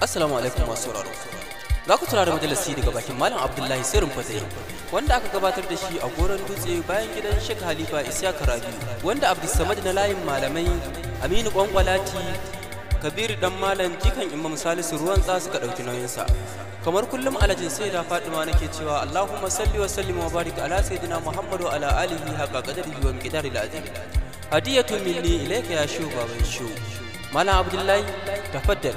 Assalamu alaikum masu sauraro. Za ku da majalisi daga bakin Malam Abdullahi Sirrin Fatai, wanda aka gabatar da shi a goron dutse bayan gidan Sheikh Halifa Isiyaka Karabi, wanda Abdulsamad na layin malamai Aminu Kwankwalati, Kabiru dan Malam Jikan Imam Salisu ruwan tsa suka ɗauki nauyinsa. Kamar kullum alajin sai da Fatima nake cewa Allahumma salli wa sallim wa barik ala sayyidina Muhammadu ala alihi haqqa qadarihi wa al azim. Hadiyatu minni ilayka ya shu shu. Malam Abdullahi tafaddal.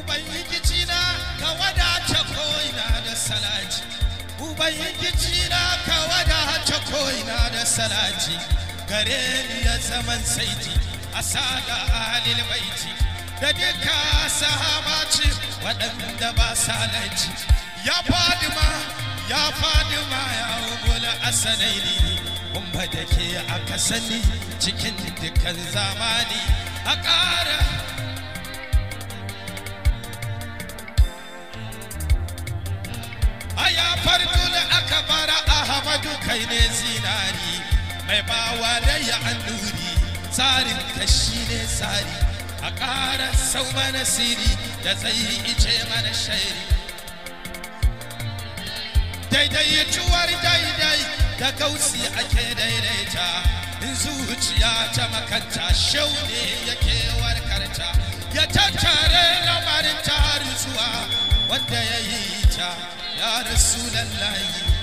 ubangiji na ka wadace ko'ina da salati ubangiji na ka zaman saiti a saga ahalil baiti da duka sahabaci waɗanda ba salaci ya fadima ya fadima ya ugula asanaini da ke aka sani cikin dukkan zamani a ƙara kai zinari mai bawa da ya annuri tsarin shi ne tsari a ƙara sau mana siri da zai ice mana shairi daidai ciwar daidai da kausi ake daidaita in zuciya ta makanta shau ne yake warkarta ya tattare lamarin ta zuwa wanda ya yi ta ya rasu lallayi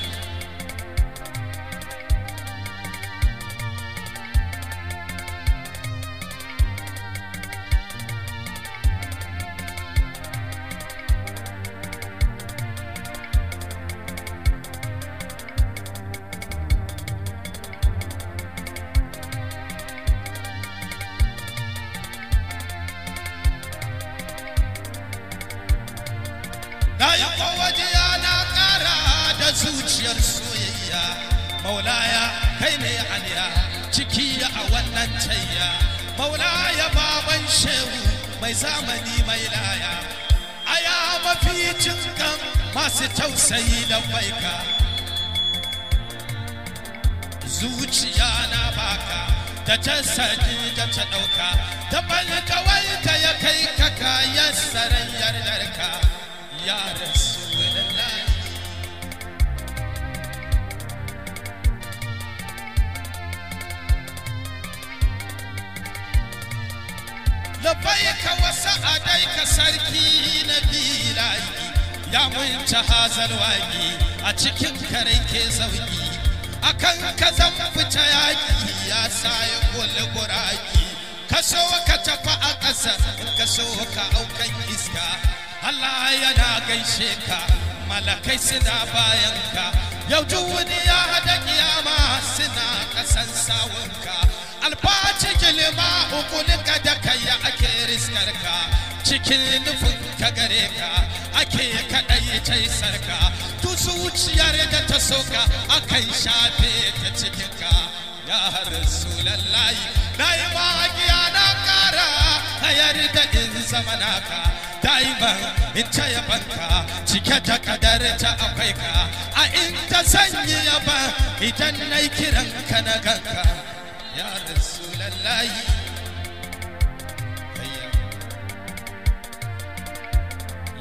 sarki na bilaki ya munci hazal waki a cikin karen ke sauki akan ka zan fita yaki ya sa ya kula kaso ka so a ƙasa ka ka aukan iska Allah yana gaishe ka malakai suna ka yau duniya hada kiyama suna ƙasan sawunka alfaci hukunin hukuninka da kai ake riskarka cikin nufin ka gare ka ake kaɗai caisar ka tu zuciyar da ta soka akan shafe ta cikin ka ya rasulallahi na yi magiya na ƙara a yarda in zama naka daiman in ta ka cike ta kadar ta akwai ka a in ta sanyi yaba idan na kiran ka na ganka ya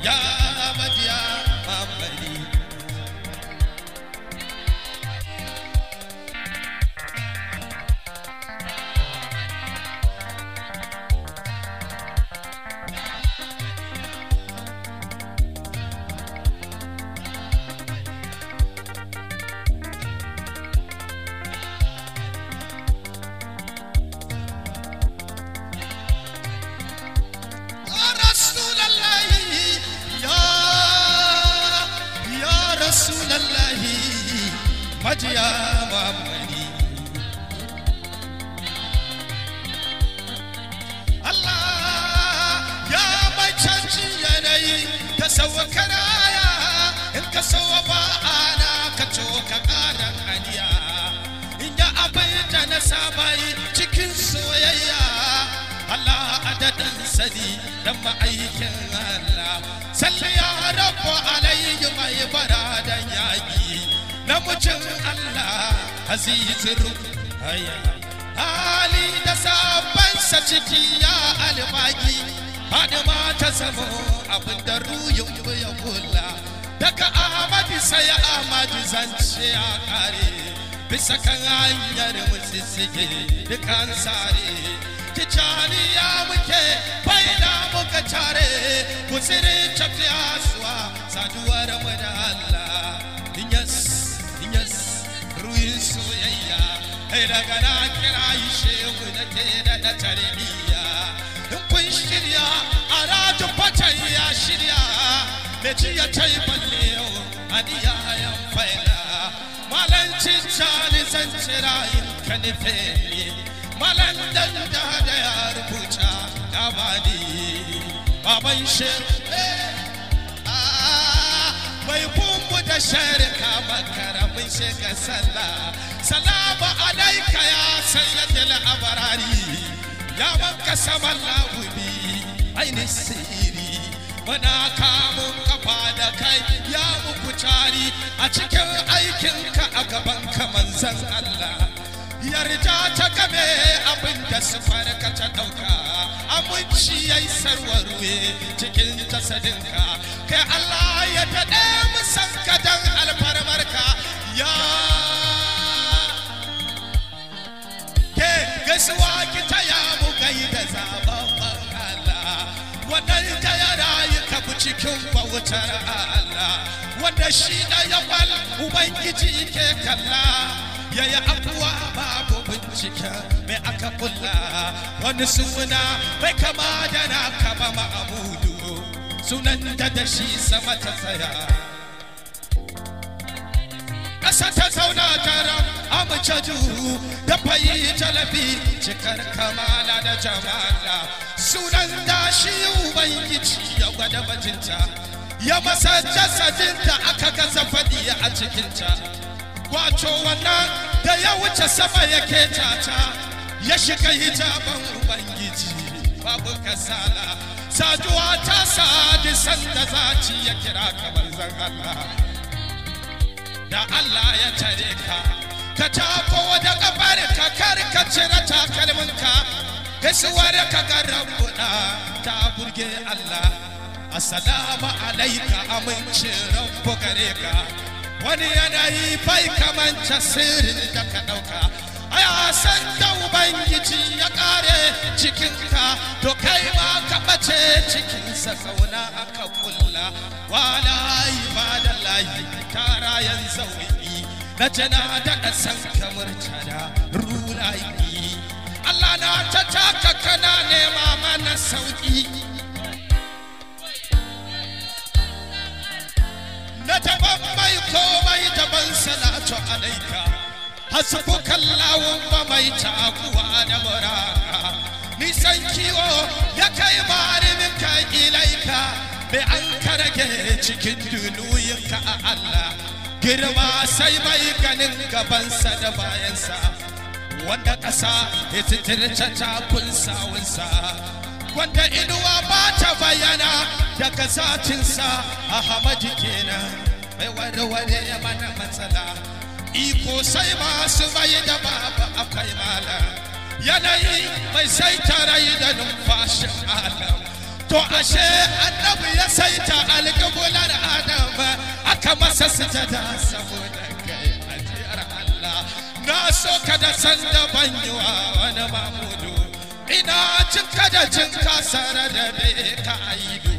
Yeah, but yeah, I'm ready. hajiya Allah ya mai yanayi ta sauwa karaya in ka sauwa ba ana ka coka karan aniya in ya abin da na saba yi cikin soyayya Allah adadin sani dan ma'aikin Allah salli ya rabu alayhi mai baradan yaƙi namijin Allah azizir haya hali da sabansa ciki ya alfaki hadima ta zamo abin da ruyin ya kula daga amadi sai amadi zance a kare bisa kan hanyar mutsitsige dukan sare kicani ya muke baina muka tare kusiri tafiya suwa saduwar mu da Allah daga na kira yi shehu na ke da na tarbiya in kun shirya a rajin fatan ya shirya me ci ya ta yi balle yau a niyayen faida malancin cani zan cira yin ka nufe ni malandan da da ya rubuta gabani baban shehu eh, ah, mai kumbu da sharika makaramin shiga sallah السلام alaika ya سيد الأبرار يا من قسم الله بي عين السير muna kamun kafa da kai ya muku a cikin aikinka a gaban ka manzan Allah yarda ta game abin da sufarka ta dauka aminci sarwar sarwarwe cikin tasadinka kai Allah ya daɗe musan ka dan alfarmarka ya cikin bautar Allah wanda shi da yawan ubangiji ke kalla ya yi abuwa babu bincike mai aka kula wani suna mai kama da na kama ma'abudu sunan da da shi sama ta tsaya ƙasa ta zauna tara amcaju da fayi jalabi cikar kamala da jama'a sunan dashi ubangiji ya gwada bajinta ya masa jasadinta aka gaza faɗi a cikinta wato wannan da ya wuce sama yake tata ya shiga hijaban ubangiji babu kasala saduwa ta sadi sanda zaci ya kira kamar zan Allah da Allah ya tare ka ka tako da kafar ka kar ka cire takalmin ka gaisuwar ka ga buɗa. ta burge Allah assalamu alaika aminci rabbu gare ka wani yanayi bai kamanta sirrin da ka dauka a san ka ubangiji ya kare cikinka to kai ma ka bace cikinsa kauna aka kulla wala ibadallahi tara yan zawi na jana na san ka murtada yi Allah na ta taka kana nema mana sauki na taban mai komai taban salatu alaika hasbukan kalla ba mai takuwa da muraka nisan kiwo ya kai marimin ka ilaika mai an karage cikin dunuyinka a Allah girma sai mai ganin gabansa da bayansa wanda ƙasa ya titirce takun sawunsa wanda inuwa ba ta bayyana daga zatinsa a hamadi kenan mai warware mana matsala iko sai masu tsaye da babu akwai malam yanayi mai sai rai da numfashin alam to ashe annabi ya saita alƙabular adam aka masa sujada saboda kai ajiyar Allah na so ka da san da banyuwa wani mamudu ina cinka da cin kasar da bai ka aido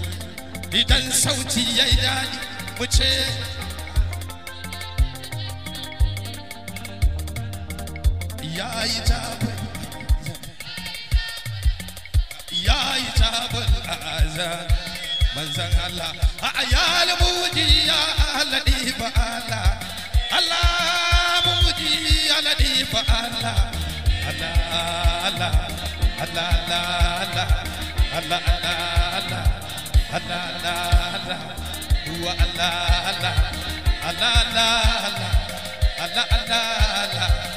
idan sauti ya yi daɗi mu ce manzan Allah a ya muji ya aladi fa Allah Allah muji ya aladi fa Allah Allah Allah Allah Allah Allah Allah Allah Allah huwa Allah Allah Allah Allah Allah Allah Allah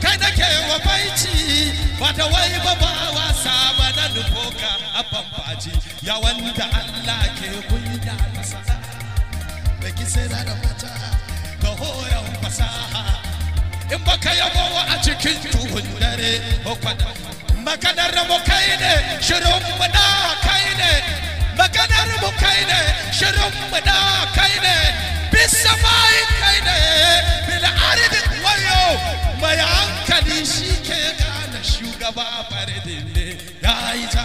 kai ke wa baici ba da wai ba wa saba da nufoka a bambaji ya wanda Allah ke kunya masa da kisira da mata da horon fasaha in baka yabo a cikin tuhun dare ko kwada maganar mu kai ne shirin mu da kai ne maganar mu kai ne shirin mu da kai ne shi ke gane shugaba faridin ne ya yi ta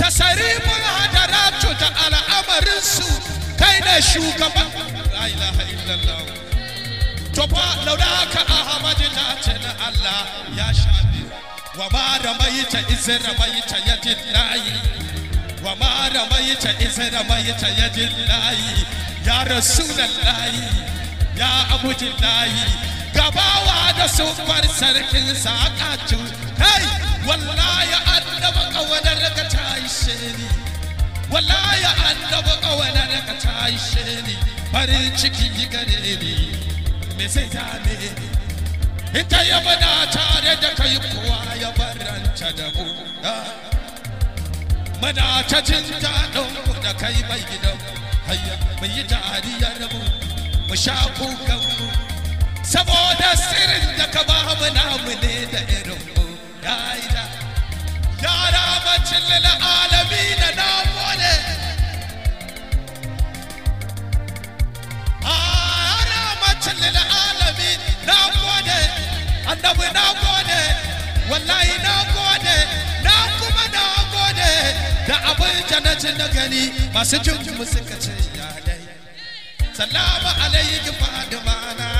tasarifin hadaratu da al'amarinsu kai ne shugaba la ilaha illallah to fa launa haka ahmadu ta ce na allah ya shafi wa ma da mai ta izin mai ta yajin layi wa ma da mai ta izin mai ta yajin layi ya rasu da layi ya abu jin layi gabawa da sofar sarkin sakacin hey wallahi annaba kawanar ka ta ishe ni wallahi annaba kawanar ka ta ishe ni bari ciki gare ni me sai dame ne ita ya bada tare da kai kowa ya baranta da mu ah. mana ta jin daɗin da kai mai gidan hayya mai yi dariyar mu mu sha kukan mu saboda sirrin da ka ba mu namu ne da irin mu ya ya rahmatin lila alami na ne ya rahmatin lila alami na gode annabi na gode wallahi na gode na kuma na gode da abin jannatin na gani masu jin mu suka ce ya dai salamu alaikum fadimana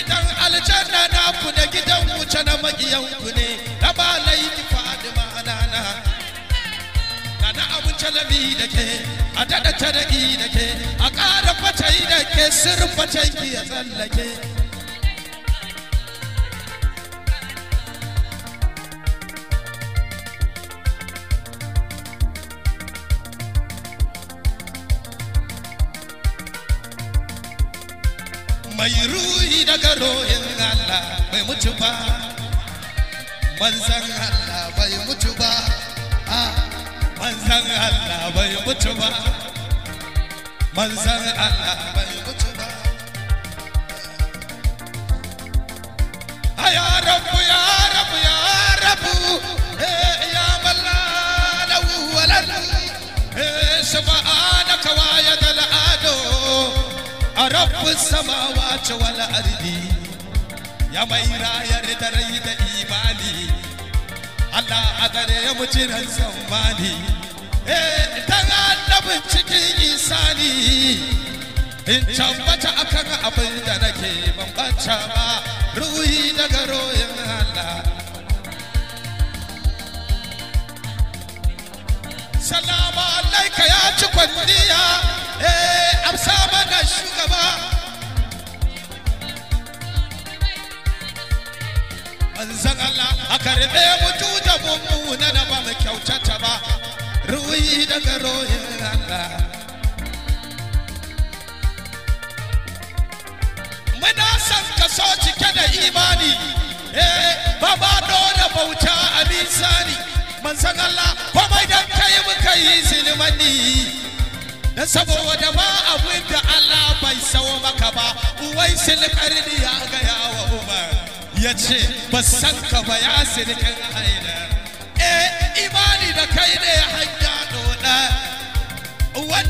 gidan aljanna na ku da gidan wuce na magiyan ku ne na ba laifi fadima nana na abun calabi da ke a daɗa tarihi da ke a ƙara kwatayi da ke sirfa ki ya tsallake mai ruhi daga rohin Allah bai mutu ba manzan Allah bai mutu ba a ah, manzan Allah bai mutu ba manzan Allah bai mutu ba ya rabu ya rabu ya rabu ya eh a sama samawa ce ardi ya mai rayar da da imani Allah a gare ya muci ran zamani eh dan na cikin isani in can bata akan abinda na nake ban bata ba ruhi daga royin Allah Salamu alaika ya ci kwanniya eh amsa shugaba manzan Allah a karbe mutu da mu na da kyautata ba ruwi daga muna kaso cike da imani eh baba dole bauta a misali manzan Allah komai dan kai muka yi silmani dan saboda ba abin da Allah bai sawo maka ba uwai karini ya gaya wa Umar yace ce ba san ka ba ya silkin haina eh imani da kai ne hanya dole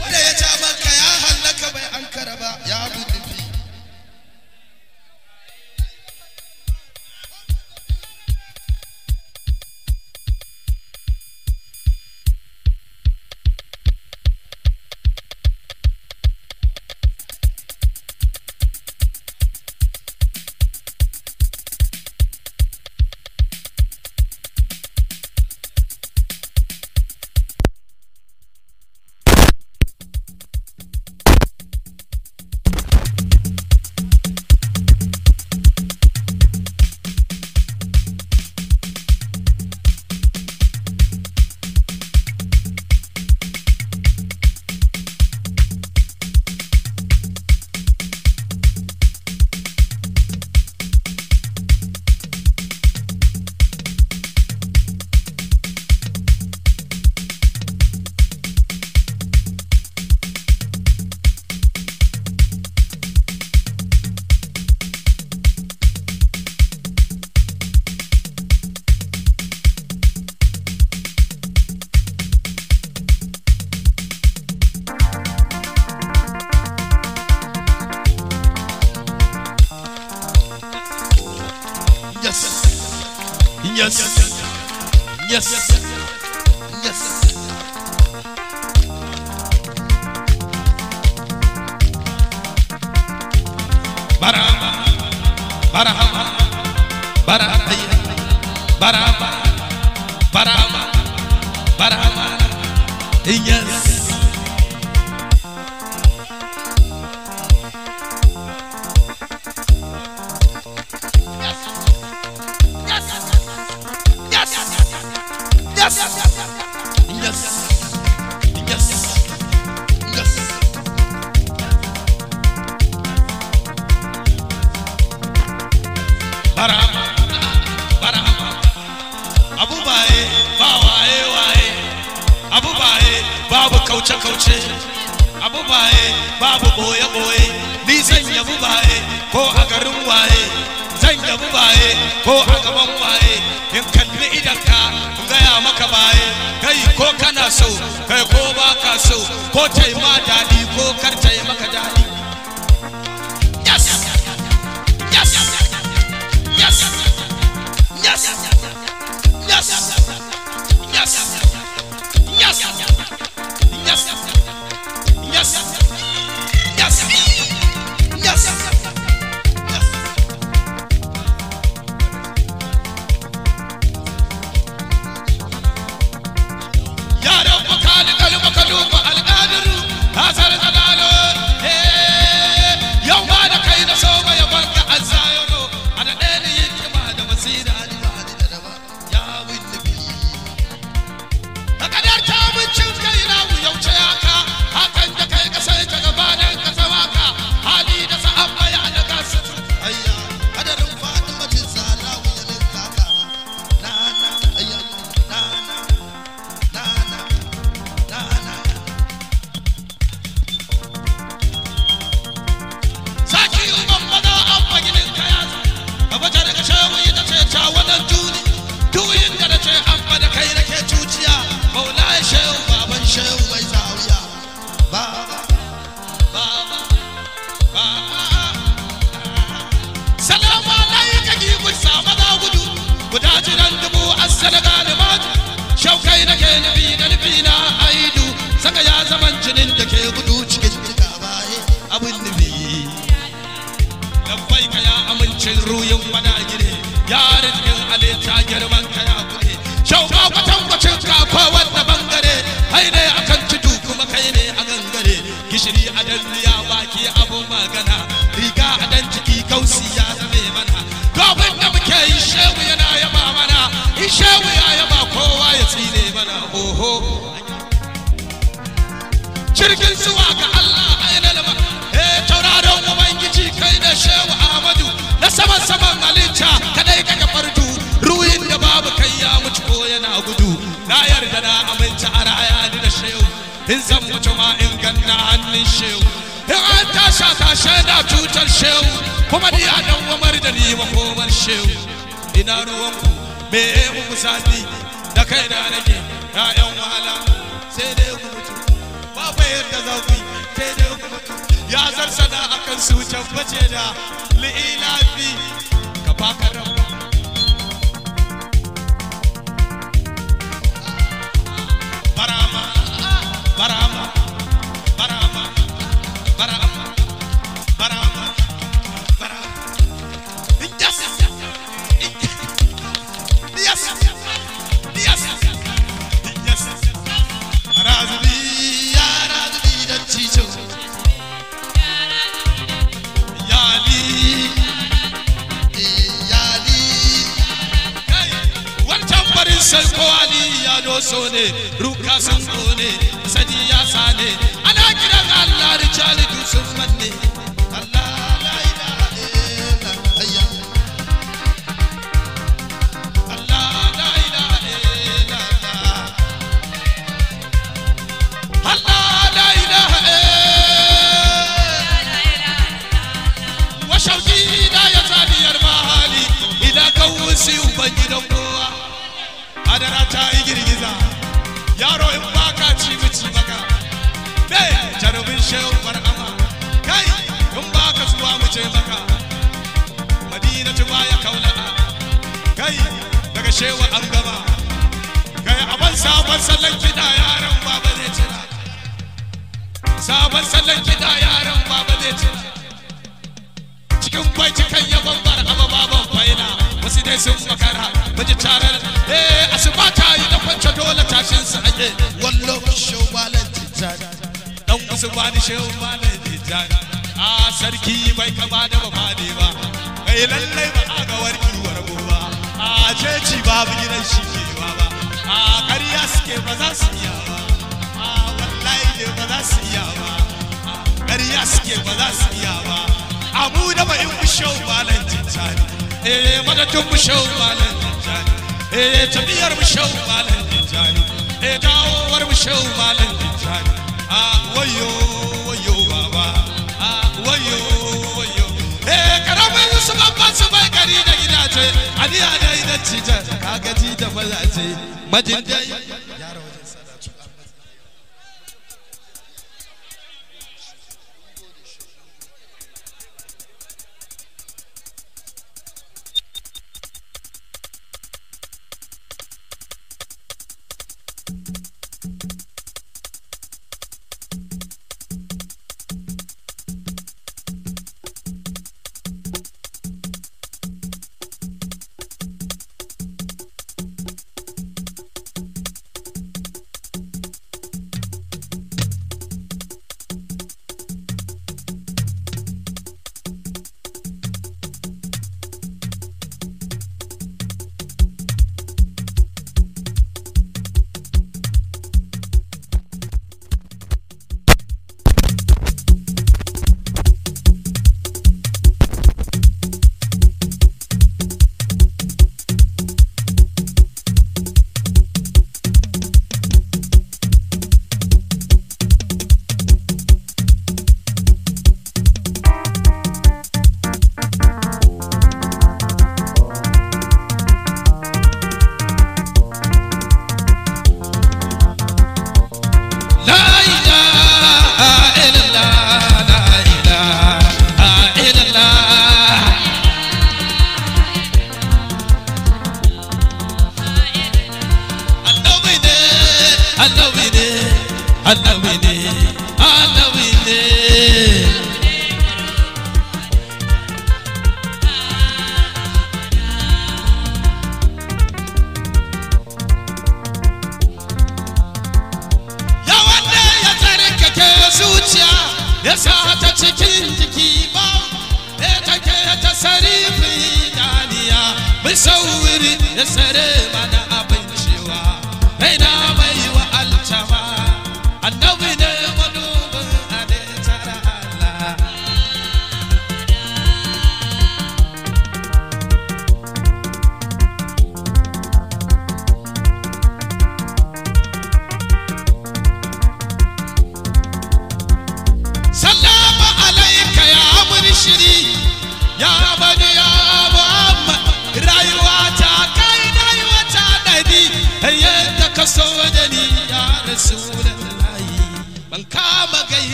dan riya baki abun magana riga a dan ciki kausi ya zame mana to da muke yi shehu yana yaba mana in shehu ya yaba kowa ya tsine mana oho jirgin zuwa in zan mutu ma in ganna hannun shehu in an tasha tashe na cutar shehu kuma ni a dan wamar da ni makomar shehu ina ruwanku me muku zafi da kai na nake ya'yan wahala sai dai ku mutu ba bayar da za ku yi sai dai ku mutu ya zarsana akan su tabbace da li'ilafi ka baka da so ne ruka sun ne Alhaji ya sane ana kiran Allah Richard Yusuf Manne dafa laaj si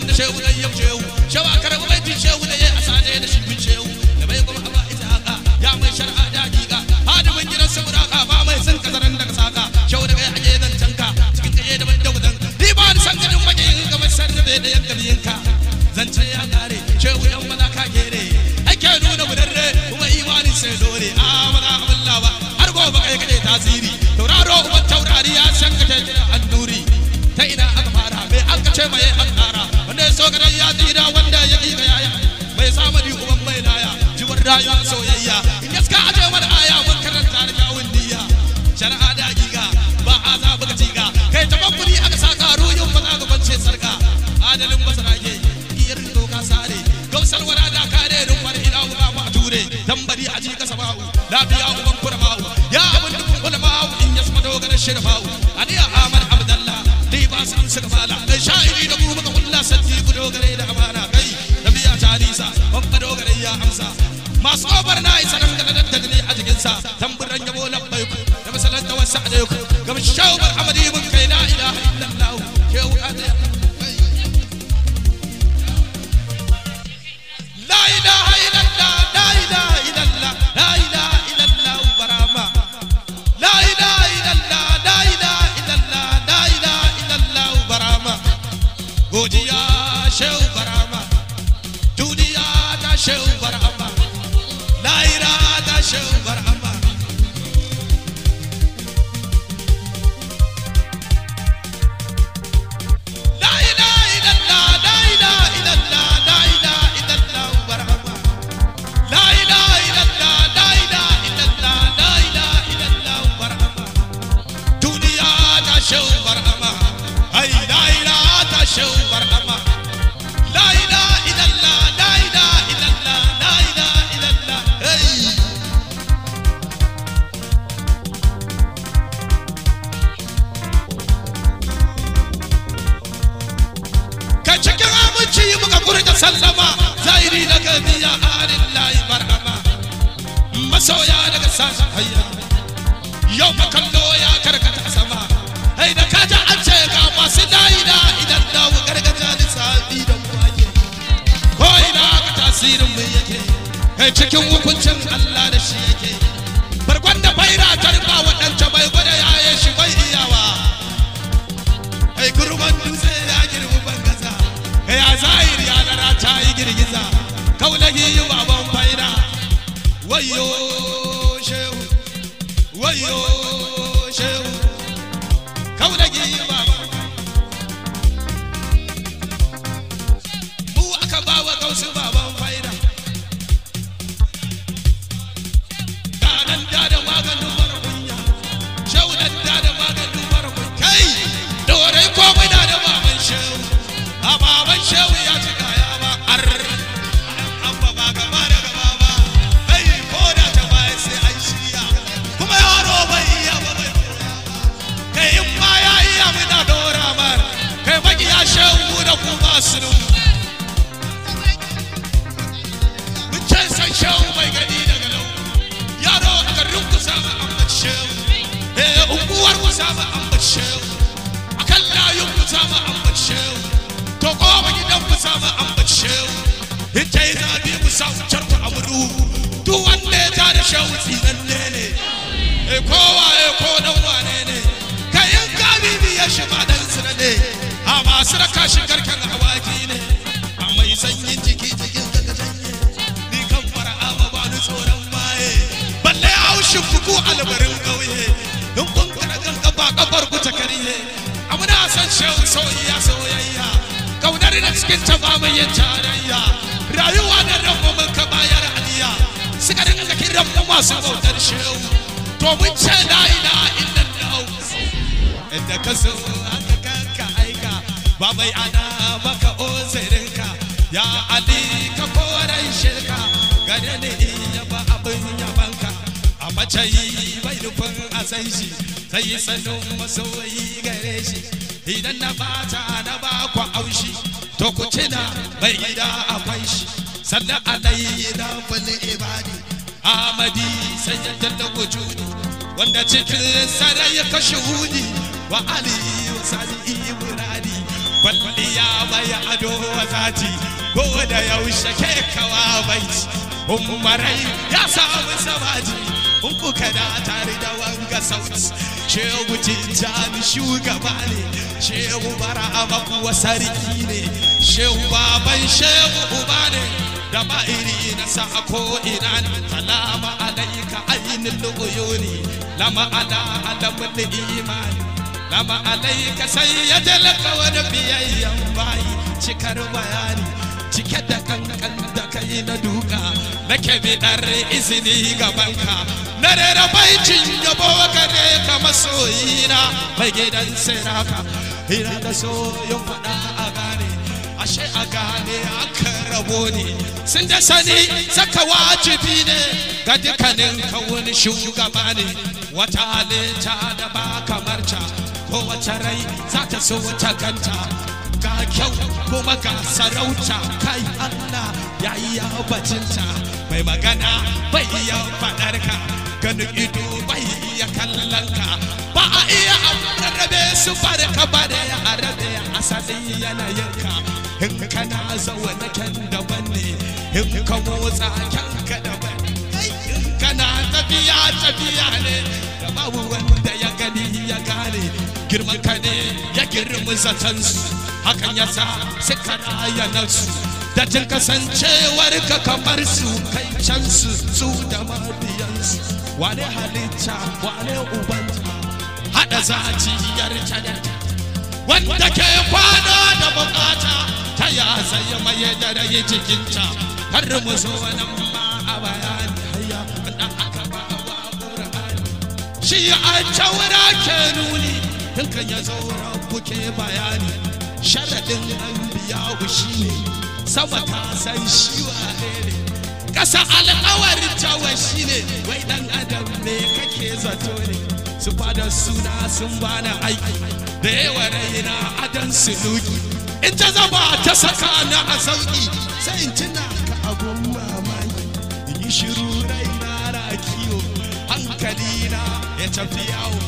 dan shehu dan yau tambari aji ka sama'u lafiya uban kurma'u ya abin dukkan ulama'u in ya sama dogarar ani a amar abdallah ni ba an suka fala kai sha'iri da mu muka kulla sadi ku dogare da amana kai nabiya tarisa babba dogare ya amsa masu obar na isa nan ga dadda ne a jikinsa tamburan yabo labbai ku da masalan tawassa'alaikum gamshau show, but na bai gida akwai shi sannan alayi na wani ibadi amadi sai ya wujudu wanda cikin sarai ya kashe wa aliyu sani imurani kwalli ya bai ado wa zati ko da yaushe ke kawa bai umarai ya samu sabaji in kada tare da wanga sauti shehu tijjani shugaba ne shehu mara'aba kuwa sarki ne shehu baban shehu uba ne da na sa ko ina salama alaika ainihin uyuni lama ala adamul imani lama alaika sai ya jalaka wani biyayyen bayi cikar bayani cike da kankan na duka nake bidar izini gabanka na rera baicin yabo gare ka masoyina mai gidan siraka ina da so yin faɗa a gane ashe a gane aka rabo ne da sani saka wajibi ne ga dukkanin kawun shugaba ne wata halitta da ba kamar ta kowace rai za ta so wata ganta ga kyau kuma ga sarauta kai Allah ya yi bacinta mai magana bai iya faɗar ka ganin ido bai iya kallon ka ba a iya rarrabe su fara ka ba da ya rabe asalin yanayin ka in kana zaune kyan daban ne in ka motsa kyan ka daban in kana tafiya tafiya ne da babu wanda ya gani ya gane girman ka ne ya girma zatansu hakan ya sa suka raya su. da jin kasancewar ka kamar su kai can su su da mabiyansu wane halitta wane ubanta hada zaciyar ta da wanda ke kwana da bukata ta ya zai maye da rayi jikinta har mu zo nan ma a bayani hayya na aka ba wa qur'ani shi a taura ke nuni tun ya zo rabbuke bayani sharadin anbiya shi ne sama ta san shi wa ne kasa alƙawarin cewa shi ne wai dan adam ne kake zato ne su fadar suna sun bani aiki da yawa raina adan nuki in ta zama ta saka na a sauki sai in tuna ka abun mamaki in yi shiru raina na kiwo hankali na ya tafi yawo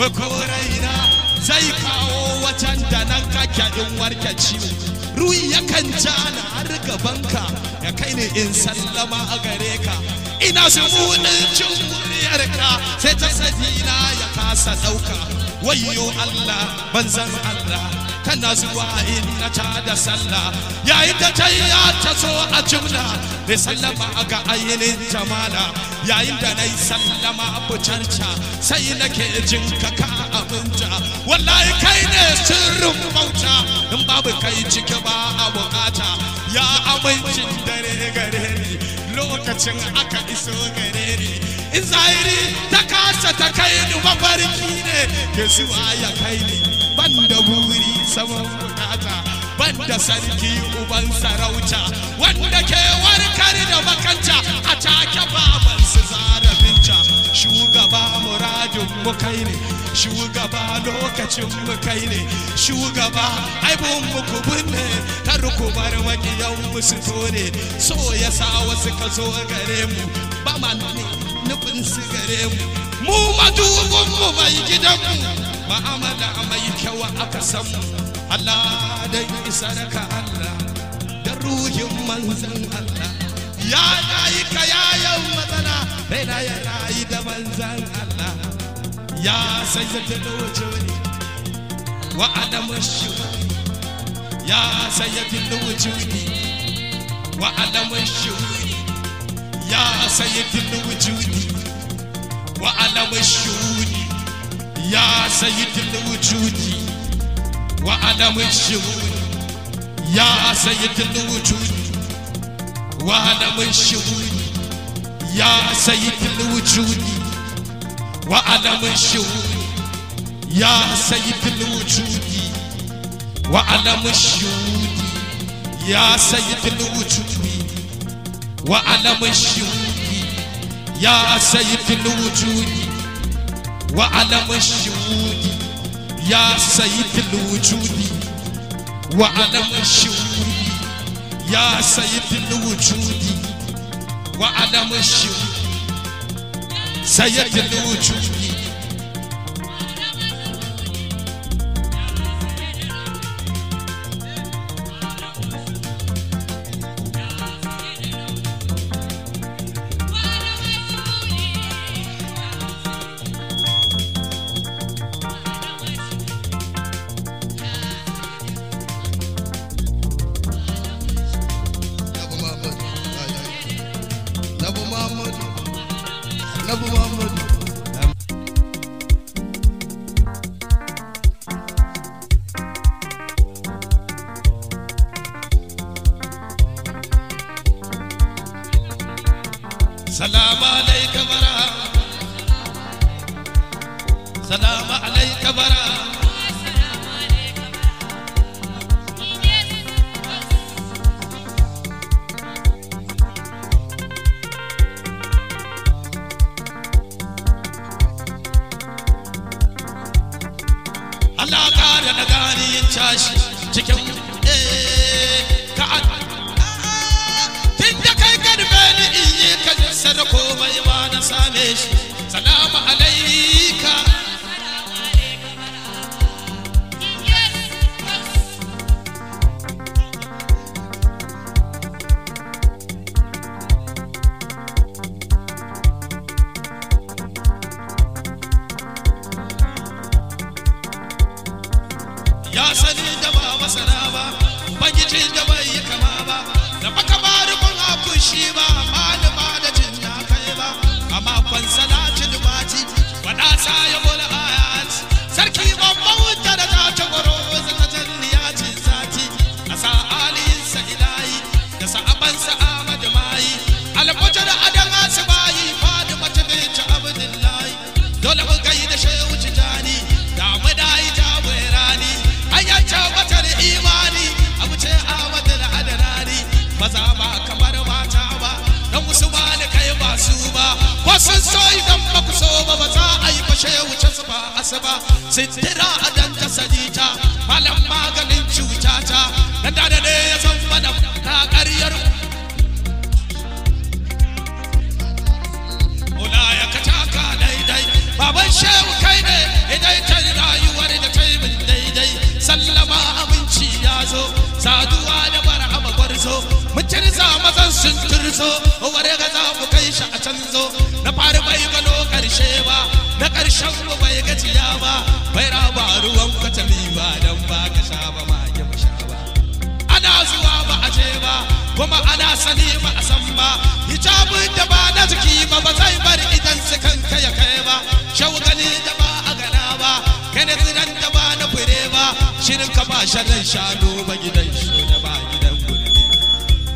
wai ko raina zai kawo wajen da nan kake in warke ciwo ya yakan ja na har gabanka ya kai ni in sallama a gare ka ina zumuɗin cin sai ta sadina ya kasa ɗauka wayo Allah banzan Allah kana zuwa in na ta da sallah yayin da ta ya ta so a jimna ne sallama ga ainihin jamala yayin da na yi sallama abu carca sai nake jin kaka ka wallahi kai ne sirrin bauta in babu kai cike ba a bukata ya amincin dare gare ni lokacin aka iso gare ni in zahiri ta kasa ta kai ni mafarki ne ke zuwa ya kai ni ban da buri saman bukata ban da sarki uban sarauta wanda ke warkar da makanta a take babansu zarafin shugaba muradin mu kai ne shugaba lokacin mu kai ne shugaba aibun mu ku ne kar ku bar makiyan mu su tore so ya sa wasu ka zo gare mu ba ma nufin su gare mu mu madubin mu mai gidan mu ma'amala mai kyau aka san mu Allah dai isarka Allah da ruhin manzon Allah ya nayi ka yayan matsala raina ya rayu da manzan Allah ya sayyata da wace wani wa adamu shi ya sayyata da wace wani wa adamu shi ya sayyata da wace wani wa adamu shi يا سيد الوجود وعدم الشهود يا سيد الوجود وانا من شؤوني يا سيد الوجود وانا من شؤوني يا سيد الوجود وانا من شؤوني يا سيد الوجود وانا من شؤوني يا سيد الوجود وانا من شؤوني يا سيد الوجود وانا من شؤوني Ya Sayyidin Wujudi Wa Adam Shiri Sayyidin Wujudi kuma ana sani a san ba hijabin da ba na jiki ba ba zai bar idan su kanka ya kai ba shawgali da ba a gana ba kane tsiran da ba na fure ba shirin ka ba shanu ba gidan shi da ba gidan gurbi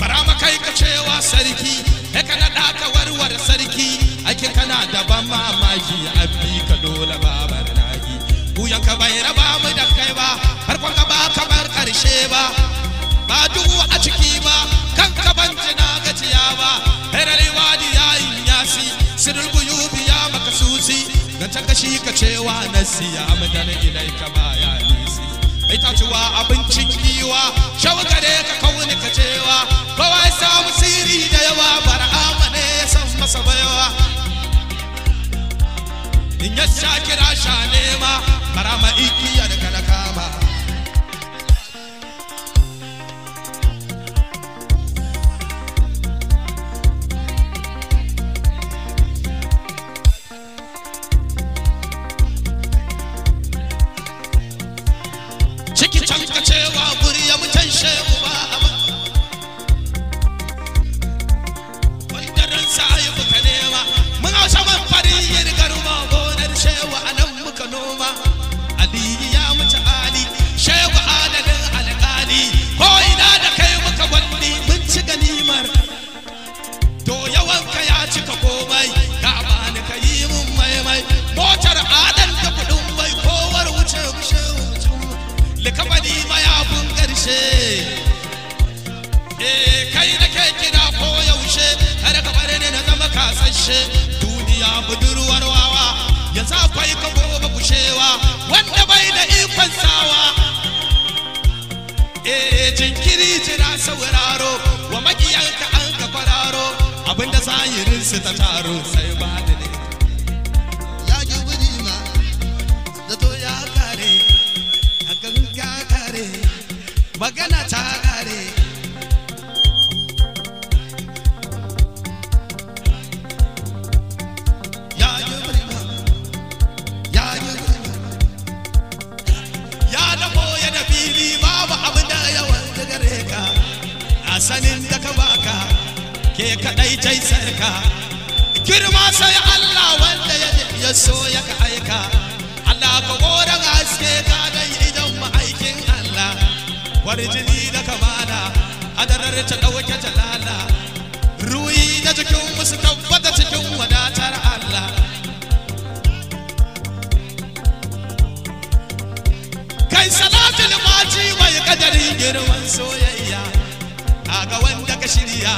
bara kai ka cewa sarki ya ka naɗa ka warwar sarki ake kana da ban mamaki an ka dole babar nagi buyan ka bai raba mu da kai ba farkon ka ba kamar karshe ba ba duhu a ciki ba yawa heral wadi ya inyasi sirul guyubi ya makasusi ga ta kashi ka cewa siya mutane ilaika ba ya nisi itacewa abincin giwa shawgare ka kauni ka cewa kowa ya samu siri da yawa bar'ama ne ya san masa bayawa in ya sha kira sha nema barama igiyar kanaka jira sauraro wa makiyanka an ka fararo abinda zahirin su ta taro sai ba da ne ya ji wuri ma da to ya kare hakan ka kare magana ta kare sai jai sarka girma sai Allah wanda ya ya so ya ka aika Allah ko goran haske ka dai idan ma'aikin Allah warjini da kamala adarar ta dauke jalala ruyi da jikin musu tabbata cikin wadatar Allah kai salatul maji mai kadarin girman soyayya aga wanda ka shirya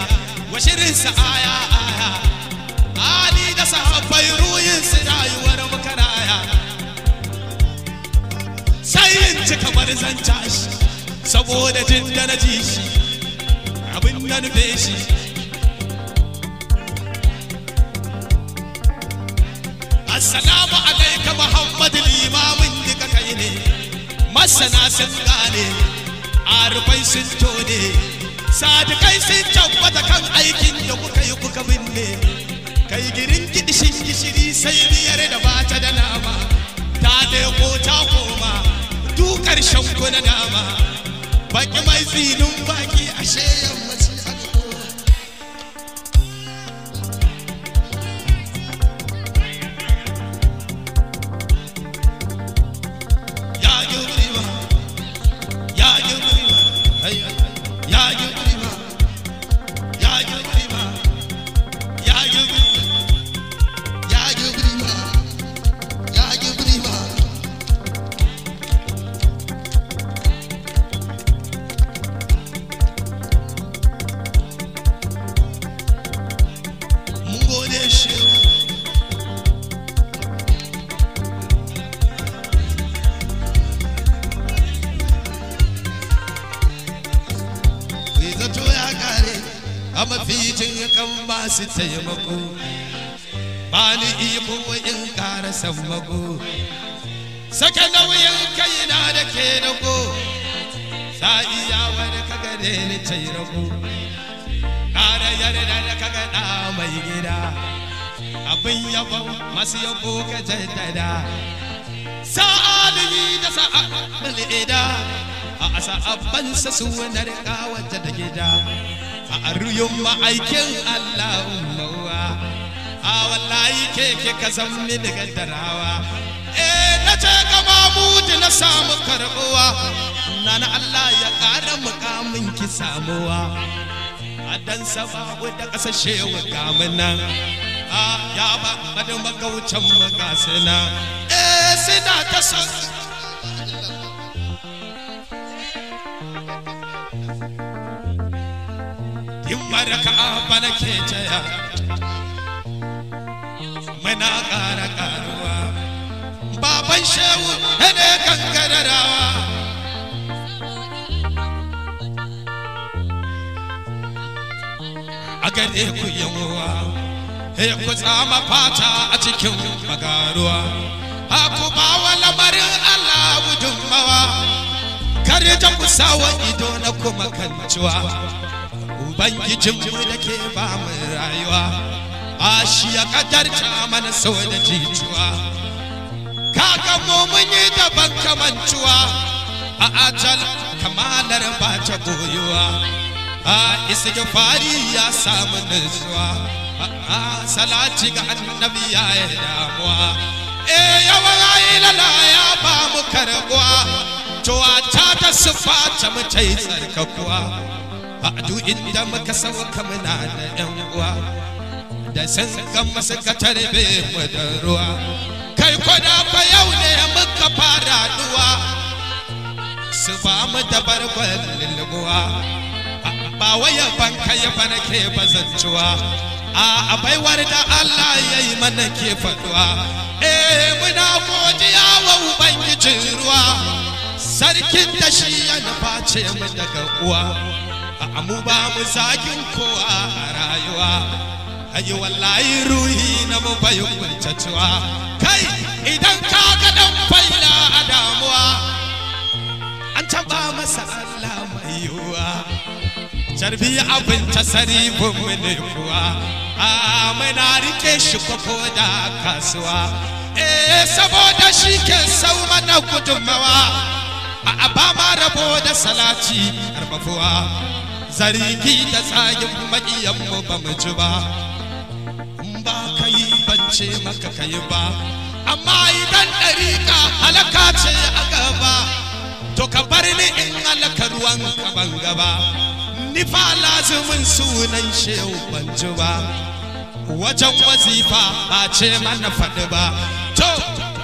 wa shirinsa aya aya ali da sahabbai ruyin su rayuwar makaraya sai in ci kamar zanta shi saboda jin da na ji shi abin na nufe shi assalamu alaika muhammadu limamin duka kai ne masana sun gane arifai sun tone sadikai sun tabbata kan aikin da kuka yi kuka binne kai girin gidishin gishiri sai biyar da bata da nama ta ko ta koma dukar shanku na dama baki mai zinin baki ashe yamma ce rago ƙara yarda da kaga ɗa mai gida abin yabon masu yabo ka jaddada sa'adani da sa'adar ida a sa'abansa sunar kawata da gida a aruyun ma'aikin Allah umarwa a wallahi keke ka san min gaddarawa eh na ce kama mutu na samu karbuwa na Allah ya ƙara mukamin ki samuwa a dan sababu da ƙasashe mukamin nan a ya ba bada makaucin makasina eh suna ta san yin baraka ba na ke jaya muna ƙara ƙaruwa baban shehu ne kankararawa ku yawa ku tsama fata a cikin magaruwa ha ku ba wa lamarin Allah gudunmawa kare ta ku sawa ido na kuma kancewa ubangijinmu da ke ba mu rayuwa a shi ya kadarta mana sau da jituwa Kaka mu mun yi daban kamancewa a ajal kamalar ba ta goyuwa a fari ya samu nutsuwa a ah, ah, salati ga annabi ya yi damuwa eh yawan ailala ya ba mu karbuwa cewa ta ta sufa ta mu ta yi tsarkakuwa a duk inda muka sauka muna da yan uwa da sun gama suka tarbe mu da ruwa kai kwada fa yau ne muka fara duwa su ba mu da barkon lilguwa ba waya banka ya fa nake bazantuwa a baiwar da Allah ya yi mana ke faduwa eh muna godiya wa ubangijin ruwa sarkin da shi ya nufa ce mu daga uwa a mu ba mu zagin kowa a rayuwa ayi wallahi ruhi na mu bayin kwancatuwa kai idan ka ga dan faila a damuwa an taba masa Allah mai yiwuwa jarbi abin ta sari ne kuwa a mai na rike shi kwafo da kasuwa eh saboda shi ke sau mana gudunmawa a ba ma rabo da salaci karfafuwa zargi da tsayin maƙiyanmu ba mu ji ba in ba ka yi bance maka ka yi ba amma idan ɗarika halaka ce a gaba to ka bar ni in halaka ruwan ka ban gaba nifa lazumin sunan shehu banji ba wajen wazifa ba ce mana faɗi ba to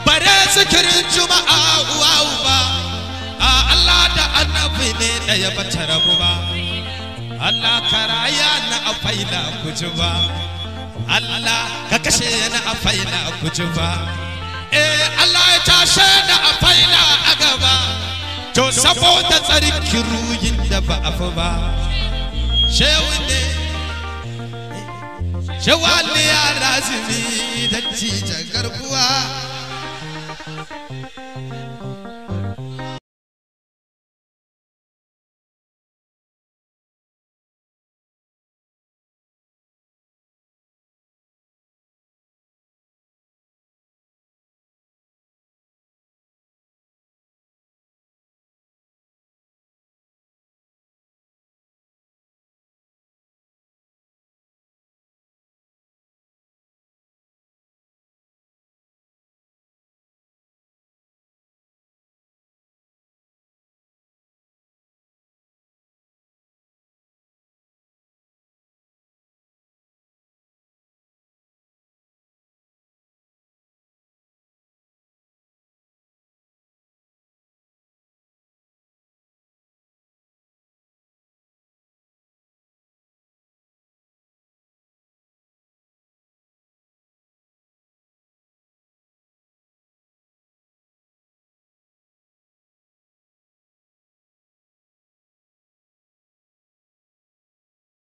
bare zikirin juma'a uwa uba a Allah da annabi ne da ya bata rabu ba Allah karaya na afaila kuji ba Allah ka kashe na afaila kuji ba eh Allah ya tashe na afaila a gaba to saboda tsarin ruyin da ba afu ba shewale yara su bi dacci ta